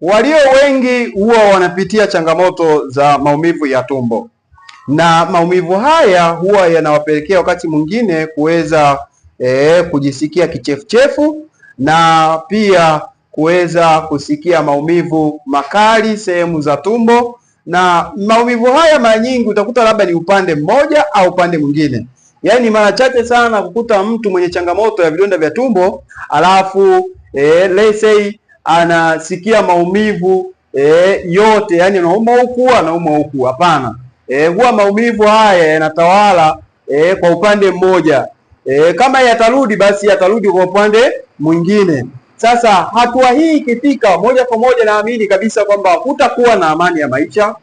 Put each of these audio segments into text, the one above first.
Walio wengi huwa wanapitia changamoto za maumivu ya tumbo, na maumivu haya huwa yanawapelekea wakati mwingine kuweza e, kujisikia kichefuchefu na pia kuweza kusikia maumivu makali sehemu za tumbo, na maumivu haya mara nyingi utakuta labda ni upande mmoja au upande mwingine. Yaani mara chache sana kukuta mtu mwenye changamoto ya vidonda vya tumbo alafu e, let's say anasikia maumivu e, yote yani anauma huku anauma huku, hapana. E, huwa maumivu haya yanatawala e, kwa upande mmoja e, kama yatarudi basi yatarudi kwa upande mwingine. Sasa hatua hii ikifika, moja kwa moja naamini kabisa kwamba hutakuwa na amani ya maisha,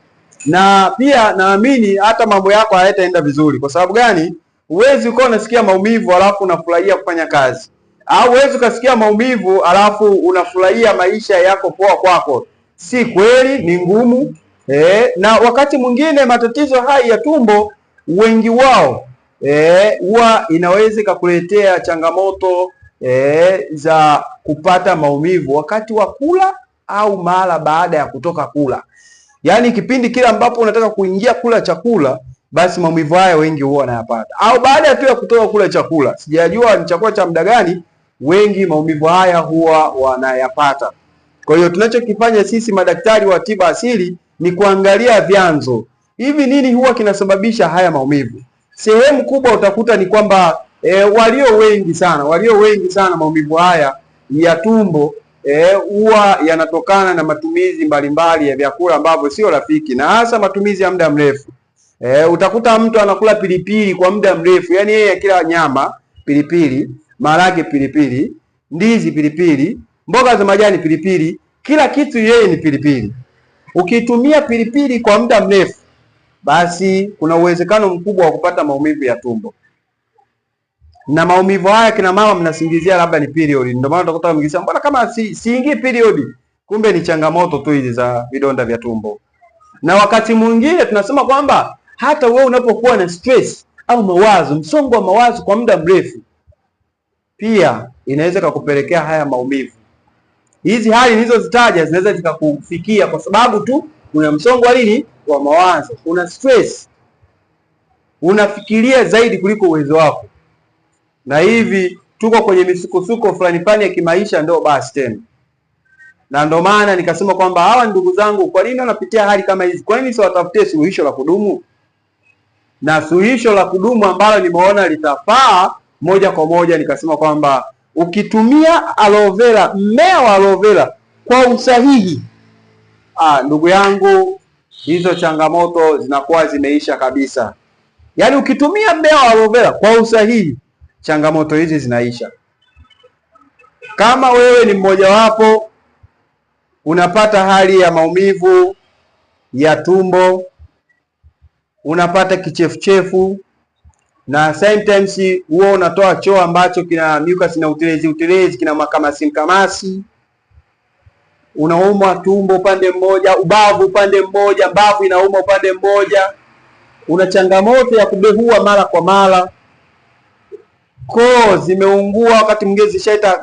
na pia naamini hata mambo yako hayataenda vizuri. Kwa sababu gani? Huwezi ukawa unasikia maumivu alafu unafurahia kufanya kazi. Hauwezi ukasikia maumivu alafu unafurahia maisha yako poa kwako, si kweli, ni ngumu e. Na wakati mwingine matatizo haya ya tumbo wengi wao eh, huwa e, inaweza ikakuletea changamoto e, za kupata maumivu wakati wa kula au mara baada ya kutoka kula, yaani kipindi kile ambapo unataka kuingia kula chakula basi maumivu haya wengi huwa wanayapata, au baada ya tu ya kutoka kula chakula. Sijajua ni chakula cha muda gani, wengi maumivu haya huwa wanayapata. Kwa hiyo tunachokifanya sisi madaktari wa tiba asili ni kuangalia vyanzo, hivi nini huwa kinasababisha haya maumivu. Sehemu kubwa utakuta ni kwamba e, walio wengi sana walio wengi sana maumivu haya ya tumbo eh, huwa e, yanatokana na matumizi mbalimbali mbali ya vyakula ambavyo sio rafiki na hasa matumizi ya muda mrefu. E, utakuta mtu anakula pilipili kwa muda mrefu, yaani yeye akila nyama pilipili maharage, pilipili, ndizi pilipili, mboga za majani pilipili, kila kitu yeye ni pilipili. Ukitumia pilipili kwa muda mrefu, basi kuna uwezekano mkubwa wa kupata maumivu ya tumbo, na maumivu haya kina mama mnasingizia labda ni period. Ndio maana utakuta mngisema mbona kama si siingii period, kumbe ni changamoto tu hizi za vidonda vya tumbo. Na wakati mwingine tunasema kwamba hata wewe unapokuwa na stress au mawazo, msongo wa mawazo kwa muda mrefu pia inaweza ikakupelekea haya maumivu. Hizi hali nilizozitaja zinaweza zikakufikia kwa sababu tu una msongo wa nini, wa mawazo, una stress, unafikiria zaidi kuliko uwezo wako, na hivi tuko kwenye misukosuko fulani fulani ya kimaisha, ndio basi tena. Na ndio maana nikasema kwamba hawa ndugu zangu, kwa nini wanapitia hali kama hizi? Kwa nini siwatafutie suluhisho la kudumu? Na suluhisho la kudumu ambalo nimeona litafaa moja kwa moja nikasema kwamba ukitumia aloe vera, mmea wa aloe vera kwa usahihi, ah, ndugu yangu, hizo changamoto zinakuwa zimeisha kabisa. Yaani ukitumia mmea wa aloe vera kwa usahihi, changamoto hizi zinaisha. Kama wewe ni mmojawapo unapata hali ya maumivu ya tumbo, unapata kichefuchefu na sometimes huwa unatoa choo ambacho kina mucus na utelezi utelezi, kina makamasi mkamasi, unaumwa tumbo upande mmoja, ubavu upande mmoja, mbavu inauma upande mmoja, una changamoto ya kubehua mara kwa mara, koo zimeungua, wakati mwingine zishaita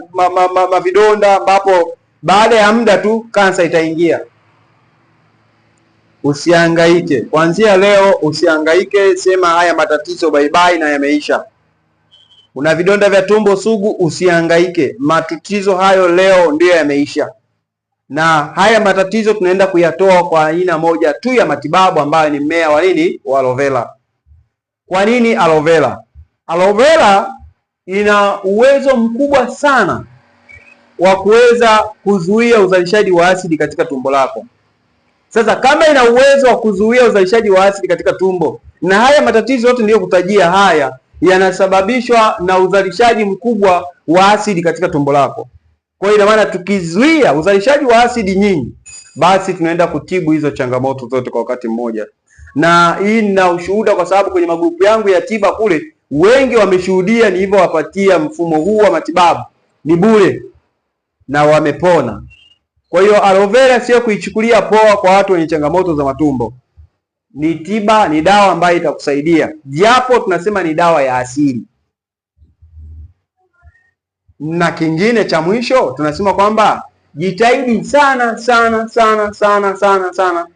mavidonda ma, ma, ma, ambapo baada ya muda tu kansa itaingia. Usihangaike. Kuanzia leo usihangaike, sema haya matatizo bye bye na yameisha. Una vidonda vya tumbo sugu, usihangaike. Matatizo hayo leo ndiyo yameisha, na haya matatizo tunaenda kuyatoa kwa aina moja tu ya matibabu ambayo ni mmea wa nini? Wa aloe vera. Kwa nini aloe vera? Aloe vera ina uwezo mkubwa sana wa kuweza kuzuia uzalishaji wa asidi katika tumbo lako. Sasa kama ina uwezo wa kuzuia uzalishaji wa asidi katika tumbo, na haya matatizo yote niliyokutajia haya yanasababishwa na uzalishaji mkubwa wa asidi katika tumbo lako. Kwa hiyo ina maana tukizuia uzalishaji wa asidi nyingi, basi tunaenda kutibu hizo changamoto zote kwa wakati mmoja, na hii nina ushuhuda kwa sababu kwenye magrupu yangu ya tiba kule wengi wameshuhudia nilivyowapatia mfumo huu wa matibabu, ni bure na wamepona. Kwa hiyo aloe vera sio kuichukulia poa kwa watu wenye changamoto za matumbo, ni tiba, ni dawa ambayo itakusaidia, japo tunasema ni dawa ya asili. Na kingine cha mwisho tunasema kwamba jitahidi sana sana sana sana sana sana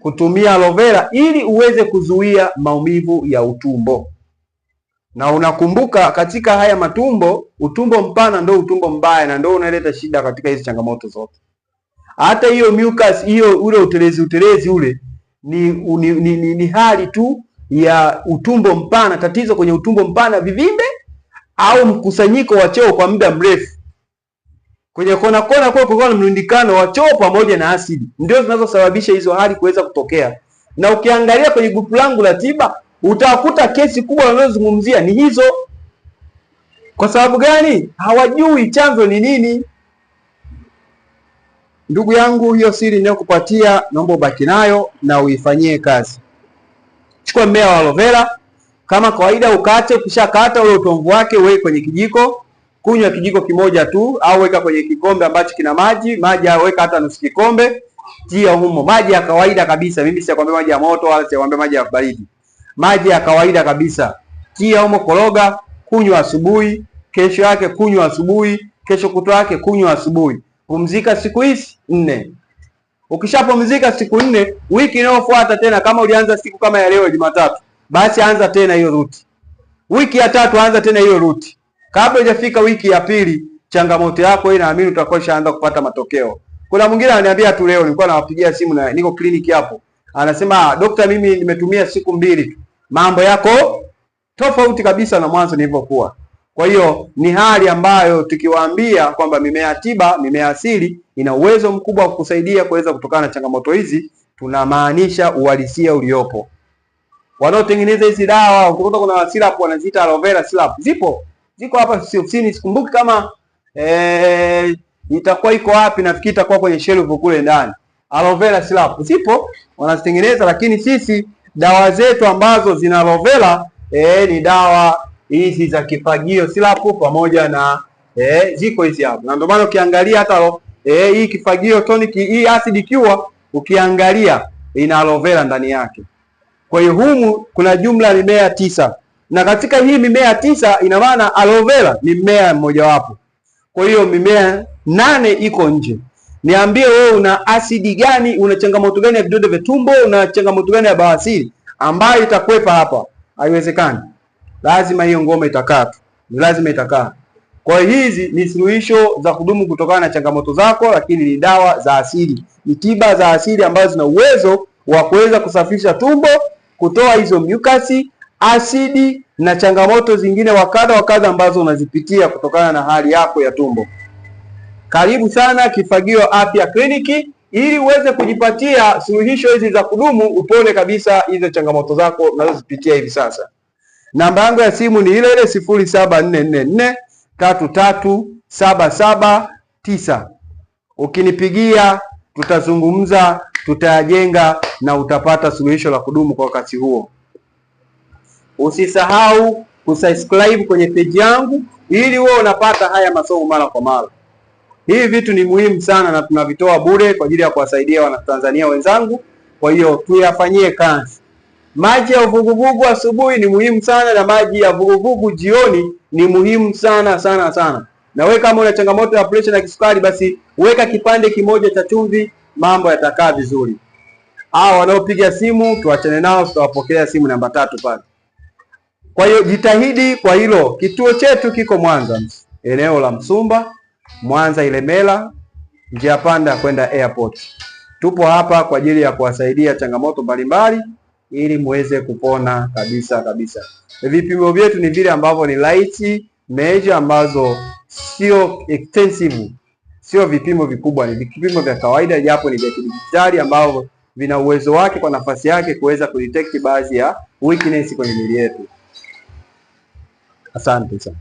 kutumia aloe vera ili uweze kuzuia maumivu ya utumbo na unakumbuka katika haya matumbo, utumbo mpana ndio utumbo mbaya na ndio unaleta shida katika hizi changamoto zote. Hata hiyo mucus hiyo, ule utelezi utelezi ule ni, ni, ni, ni, ni hali tu ya utumbo mpana, tatizo kwenye utumbo mpana, vivimbe au mkusanyiko wa choo kwa muda mrefu kwenye kona kona, kwa kulikuwa na mlundikano wa choo pamoja na asidi, ndio zinazosababisha hizo hali kuweza kutokea. Na ukiangalia kwenye grupu langu la tiba utakuta kesi kubwa wanazozungumzia ni hizo. Kwa sababu gani? Hawajui chanzo ni nini. Ndugu yangu, hiyo siri ninayokupatia naomba ubaki nayo na uifanyie kazi. Chukua mmea wa aloe vera kama kawaida, ukate. Ukishakata ule utomvu wake uweke kwenye kijiko, kunywa kijiko kimoja tu, au weka kwenye kikombe ambacho kina maji maji, au weka hata nusu kikombe, tia humo maji ya kawaida kabisa. Mimi sikwambia maji ya moto wala sikwambia maji ya baridi maji ya kawaida kabisa. Tia humo koroga, kunywa asubuhi, kesho yake kunywa asubuhi, kesho kutwa yake kunywa asubuhi. Pumzika siku hizi nne. Ukishapumzika siku nne, wiki inayofuata tena, kama ulianza siku kama ya leo Jumatatu, basi anza tena hiyo ruti. Wiki ya tatu anza tena hiyo ruti. Kabla hujafika wiki ya pili, changamoto yako hii naamini utakuwa ishaanza kupata matokeo. Kuna mwingine ananiambia tu leo, nilikuwa nawapigia simu na niko kliniki hapo, anasema ah, daktari, mimi nimetumia siku mbili tu mambo yako tofauti kabisa na mwanzo nilivyokuwa. Kwa hiyo ni hali ambayo tukiwaambia kwamba mimea tiba, mimea asili ina uwezo mkubwa wa kusaidia kuweza kutokana na changamoto hizi, tunamaanisha uhalisia uliopo. Wanaotengeneza hizi dawa ukikuta kuna syrup wanaziita aloe vera syrup, zipo ziko hapa ofisini, sikumbuki kama eh, itakuwa iko wapi, nafikiri itakuwa kwenye shelf kule ndani. Aloe vera syrup zipo wanazitengeneza, lakini sisi dawa zetu ambazo zina aloe vera eh, ni dawa hizi za kifagio silapu pamoja na eh, ziko hizi hapo, na ndio maana ukiangalia hata eh, hii kifagio tonic hii acid cure ukiangalia ina aloe vera ndani yake. Kwa hiyo humu kuna jumla mimea tisa na katika hii mimea tisa ina maana aloe vera ni mmea mmojawapo. Kwa hiyo mimea nane iko nje niambie wewe una asidi gani, una changamoto gani ya vidonda vya tumbo, una changamoto gani ya bawasiri ambayo itakwepa hapa? Haiwezekani, lazima hiyo ngoma itakaa tu, ni lazima itakaa. Kwa hiyo hizi ni suluhisho za kudumu kutokana na changamoto zako, lakini ni dawa za asili, ni tiba za asili ambazo zina uwezo wa kuweza kusafisha tumbo, kutoa hizo mukasi, asidi na changamoto zingine wakadha wakadha ambazo unazipitia kutokana na hali yako ya tumbo. Karibu sana Kifagio Afya Kliniki ili uweze kujipatia suluhisho hizi za kudumu, upone kabisa hizo changamoto zako unazozipitia hivi sasa. Namba yangu ya simu ni ile ile sifuri saba nne nne nne tatu tatu saba saba tisa. Ukinipigia tutazungumza, tutayajenga na utapata suluhisho la kudumu kwa wakati huo. Usisahau kusubscribe kwenye peji yangu ili wewe unapata haya masomo mara kwa mara. Hivi vitu ni muhimu sana na tunavitoa bure kwa ajili ya kuwasaidia wanatanzania wenzangu, kwa hiyo tuyafanyie kazi. Maji ya uvuguvugu asubuhi ni muhimu sana na maji ya vuguvugu jioni ni muhimu sana sana sana. Na wewe kama una changamoto ya presha na kisukari, basi weka kipande kimoja cha chumvi, mambo yatakaa vizuri. Hao wanaopiga simu tuachane nao, tutawapokea simu namba tatu pale. Kwa hiyo jitahidi kwa hilo. Kituo chetu kiko Mwanza, eneo la Msumba. Mwanza Ilemela, njia panda kwenda airport. Tupo hapa kwa ajili ya kuwasaidia changamoto mbalimbali ili muweze kupona kabisa kabisa. Vipimo vyetu ni vile ambavyo ni light measure ambazo sio extensive, sio vipimo vikubwa, ni vipimo vya kawaida japo ni vya kidijitali ambavyo vina uwezo wake kwa nafasi yake kuweza kudetect baadhi ya weakness kwenye miili yetu. Asante sana.